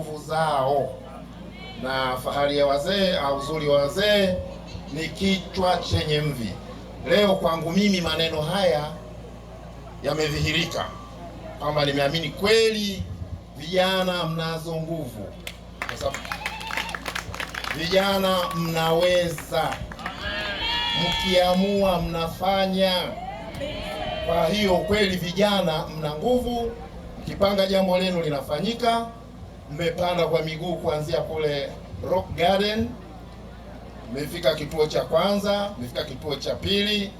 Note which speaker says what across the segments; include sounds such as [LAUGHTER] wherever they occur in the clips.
Speaker 1: nguvu zao, na fahari ya wazee au uzuri wa wazee ni kichwa chenye mvi. Leo kwangu mimi maneno haya yamedhihirika kwamba nimeamini kweli, vijana mnazo nguvu, kwa sababu vijana mnaweza, mkiamua mnafanya. Kwa hiyo kweli vijana mna nguvu, mkipanga jambo lenu linafanyika mmepanda kwa miguu kuanzia kule Rock Garden, mmefika kituo cha kwanza, mmefika kituo cha pili,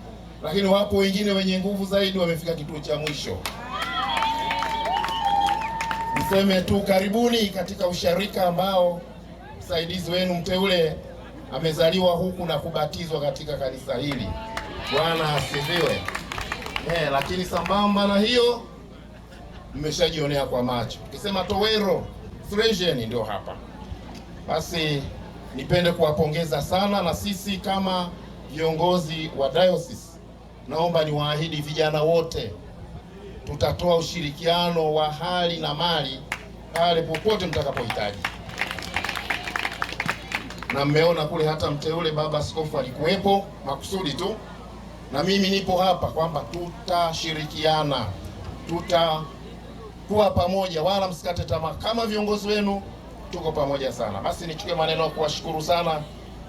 Speaker 1: lakini wapo wengine wenye nguvu zaidi wamefika kituo cha mwisho. Niseme tu karibuni katika usharika ambao msaidizi wenu mteule amezaliwa huku na kubatizwa katika kanisa hili. Bwana asifiwe. Eh, lakini sambamba na hiyo mmeshajionea kwa macho, ukisema Towero Fresian ndio hapa. Basi nipende kuwapongeza sana, na sisi kama viongozi wa diocese, naomba niwaahidi vijana wote tutatoa ushirikiano wa hali na mali pale popote mtakapohitaji, na mmeona kule hata mteule baba askofu alikuwepo makusudi tu, na mimi nipo hapa kwamba tutashirikiana tuta kuwa pamoja, wala msikate tamaa. Kama viongozi wenu tuko pamoja sana. Basi nichukue maneno kuwashukuru sana,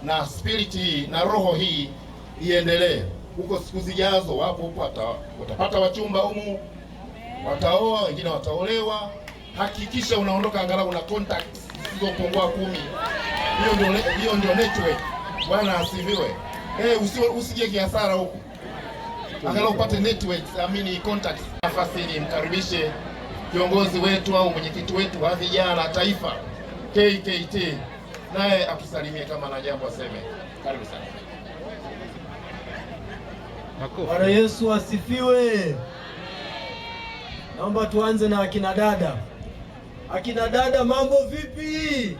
Speaker 1: na spiriti hii na roho hii iendelee huko siku zijazo. Wapo huko watapata wachumba humu, wataoa, wengine wataolewa. Hakikisha unaondoka angalau na contact zisizopungua kumi. Hiyo ndio network. Bwana asifiwe. Eh, hey, usije kiasara huko, angalau upate networks, amini contacts. Nafasi ni mkaribishe kiongozi wetu au mwenyekiti wetu wa vijana taifa KKT naye atusalimie kama na jambo aseme. Karibu sana. Bwana Yesu asifiwe. Naomba tuanze na akina dada. Akina dada, mambo vipi?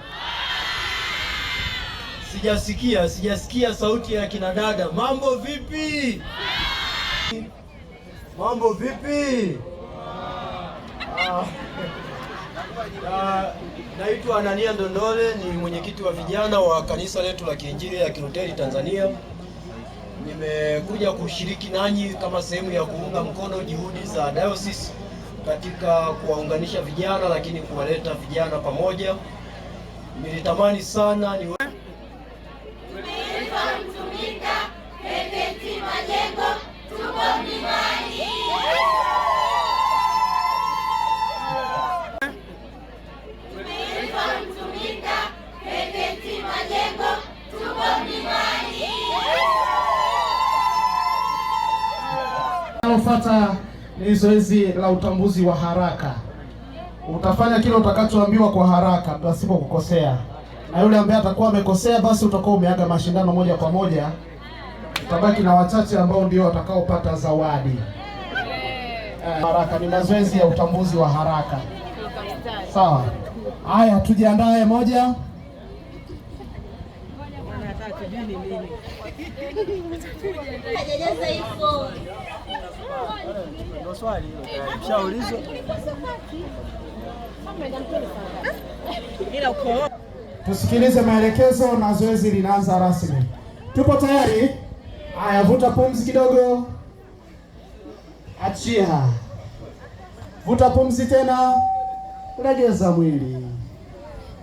Speaker 1: Sijasikia, sijasikia sauti ya akina dada. Mambo vipi? Mambo vipi? Uh, naitwa Anania Ndondole, ni mwenyekiti wa vijana wa kanisa letu la Kiinjili ya Kilutheri Tanzania. Nimekuja kushiriki nanyi kama sehemu ya kuunga mkono juhudi za diocese katika kuwaunganisha vijana, lakini kuwaleta vijana pamoja. Nilitamani sana niwe utafata ni zoezi la utambuzi wa haraka. Utafanya kile utakachoambiwa kwa haraka pasipo kukosea, na yule ambaye atakuwa amekosea, basi utakuwa umeaga mashindano moja kwa moja. Utabaki na wachache ambao ndio watakaopata zawadi. Eh, haraka ni mazoezi ya utambuzi wa haraka, sawa? Haya, tujiandae. Moja, ndio swali hilo. Tusikilize maelekezo na zoezi linaanza rasmi. Tupo tayari? aya vuta pumzi kidogo. Achia. Vuta pumzi tena. Legeza mwili.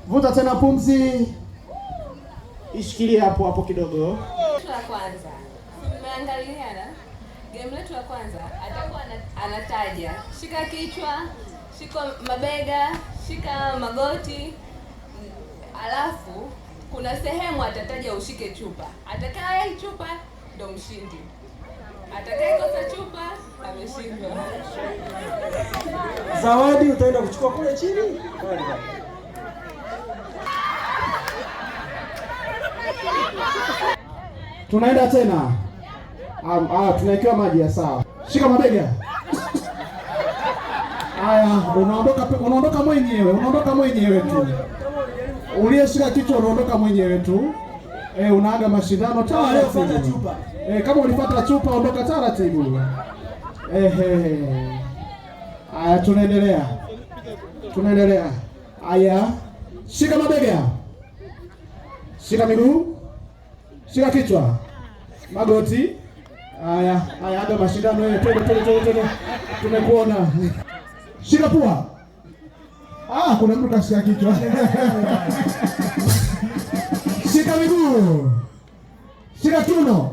Speaker 1: Vuta tena pumzi. Ishikilie hapo hapo kidogo.
Speaker 2: Kwanza. Mmeangaliana? Game letu ya kwanza atakuwa anataja shika kichwa, shika mabega, shika magoti, alafu kuna sehemu atataja ushike chupa. Atakaye chupa ndo mshindi, atakaye kosa chupa ameshindwa.
Speaker 1: Zawadi utaenda kuchukua kule chini. Tunaenda tena. Um, ah, tunaekewa maji ya sawa. Shika mabega. Haya, unaondoka unaondoka mwenyewe, unaondoka mwenyewe tu. Uliyeshika kichwa unaondoka mwenyewe tu. Eh, unaaga mashindano taratibu. Eh, kama ulipata chupa ondoka taratibu. Eh, eh. tunaendelea. Tunaendelea. Haya. Shika mabega. Shika miguu. Shika kichwa. Magoti. Haya, haya ada mashindano yeye. Twende twende twende twende. Tumekuona. Shika pua. Ah, kuna mtu kashika kichwa. [LAUGHS] Shika miguu. Shika tuno.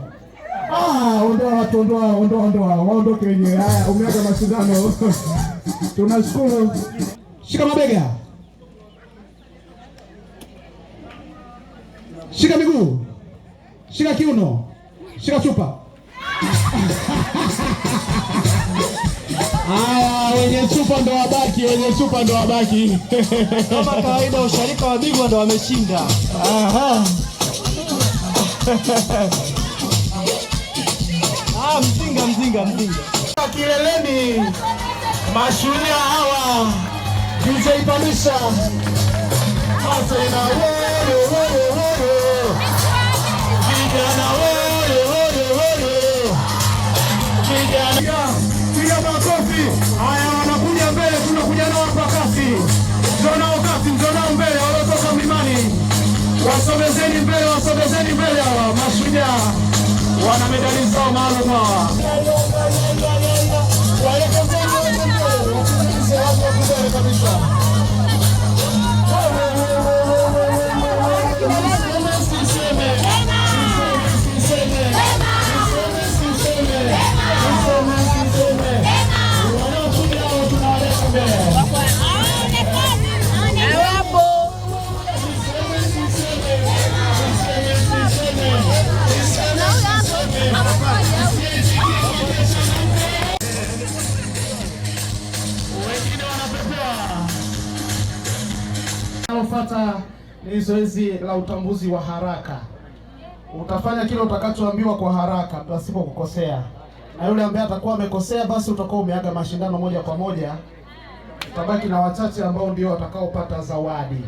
Speaker 1: Ah, ondoa watu, ondoa, ondoa, ondoa. Waondoke wenyewe. Haya, umeaga mashindano. [LAUGHS] Tunashukuru. Shika mabega. Shika miguu. Shika kiuno. Shika chupa wenye ah, chupa ndo wabaki, wenye chupa ndo wabaki. Kama kawaida, usharika wa bingwa ndo wameshinda. Aha. Ah, mzinga mzinga mzinga. Kileleni mashuhuria hawa DJ Pamisha. na wewe wewe wewe. Vijana wewe. piga makofi. Haya, wanakuja mbele, tunakuja nao kwa kasi, mzonao kasi, mzonao mbele, waliotoka mlimani wasogezeni mbele, wasogezeni mbele. Hawa mashujaa wana medali zao maalum hawa Linalofuata ni zoezi la utambuzi wa haraka. Utafanya kile utakachoambiwa kwa haraka pasipo kukosea, na yule ambaye atakuwa amekosea, basi utakuwa umeaga mashindano moja kwa moja. Utabaki na wachache ambao ndio watakaopata zawadi.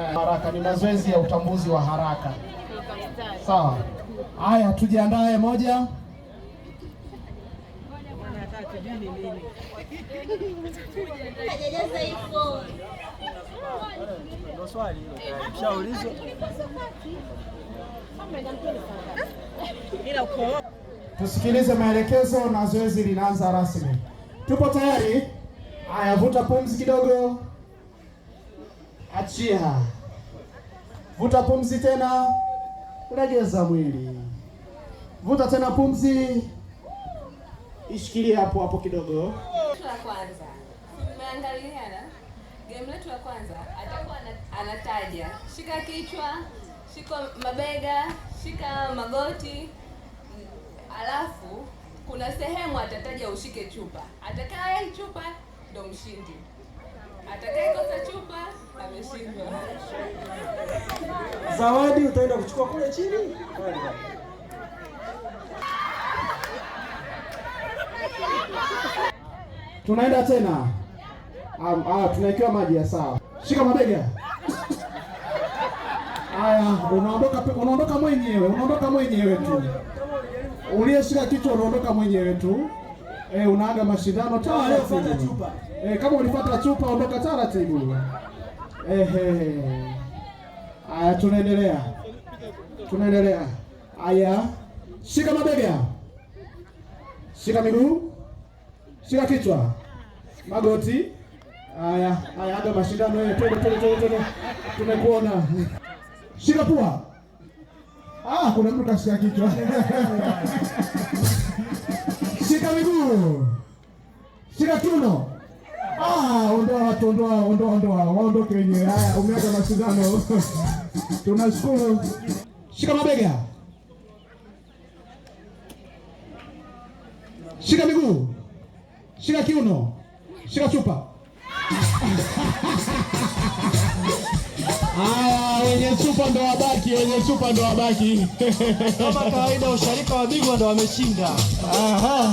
Speaker 1: Eh, haraka ni mazoezi ya utambuzi wa haraka, sawa? Haya, tujiandae. Moja, [LAUGHS] swali Tusikilize maelekezo na zoezi linaanza rasmi. Tupo tayari? aya vuta pumzi kidogo. Achia. Vuta pumzi tena. legeza mwili. Vuta tena pumzi. Ishikilie hapo hapo kidogo.
Speaker 2: Kwanza. Tumeangaliana. Game letu ya kwanza atakuwa anataja shika kichwa, shika mabega, shika magoti, alafu kuna sehemu atataja ushike chupa. Atakaye chupa ndo mshindi, atakaye kosa chupa ameshindwa.
Speaker 1: Zawadi utaenda kuchukua kule chini. Tunaenda tena. Um, ah, tunaikiwa maji ya sawa. Shika mabega. Haya, unaondoka unaondoka mwenyewe, unaondoka mwenyewe tu. Uliyeshika kichwa unaondoka mwenyewe tu. Eh, unaaga mashindano taratibu. Eh, kama ulipata chupa ondoka taratibu. Eh, eh. Haya, tunaendelea. Tunaendelea. Haya. Shika mabega. Shika miguu. Shika kichwa. Magoti. Haya, haya aga mashindano yeye. Twende twende twende twende. Tumekuona. Shika pua. Ah, kuna mtu kasikia kichwa. [LAUGHS] Shika miguu. Shika kiuno. Ah, ondoa watu, ondoa, ondoa, ondoa. Waondoke wenyewe. Haya, umeaga mashindano. [LAUGHS] Tunashukuru. Shika mabega. Shika miguu. Shika kiuno. Shika chupa wenye ah, chupa ndo wabaki, wenye chupa ndo wabaki. Kama kawaida usharika wa bingwa ndo wameshinda. Aha.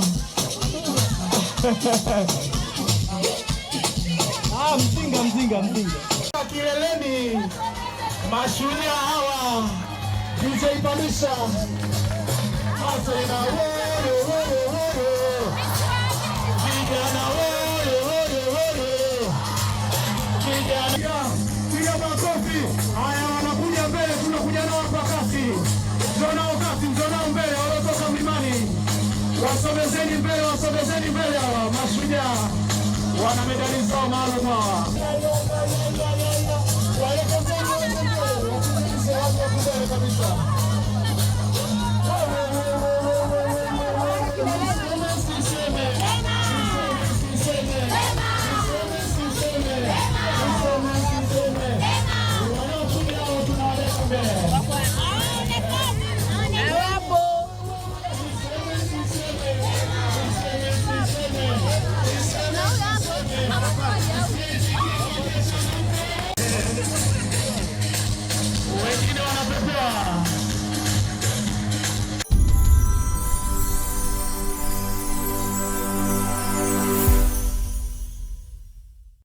Speaker 1: Ah, mzinga mzinga mzinga. Kileleni mashuhuda hawa DJ Pamisha. Hasa inawe Wasogezeni mbele, wasogezeni mbele hawa mashujaa, wana medali zao maalum hawa.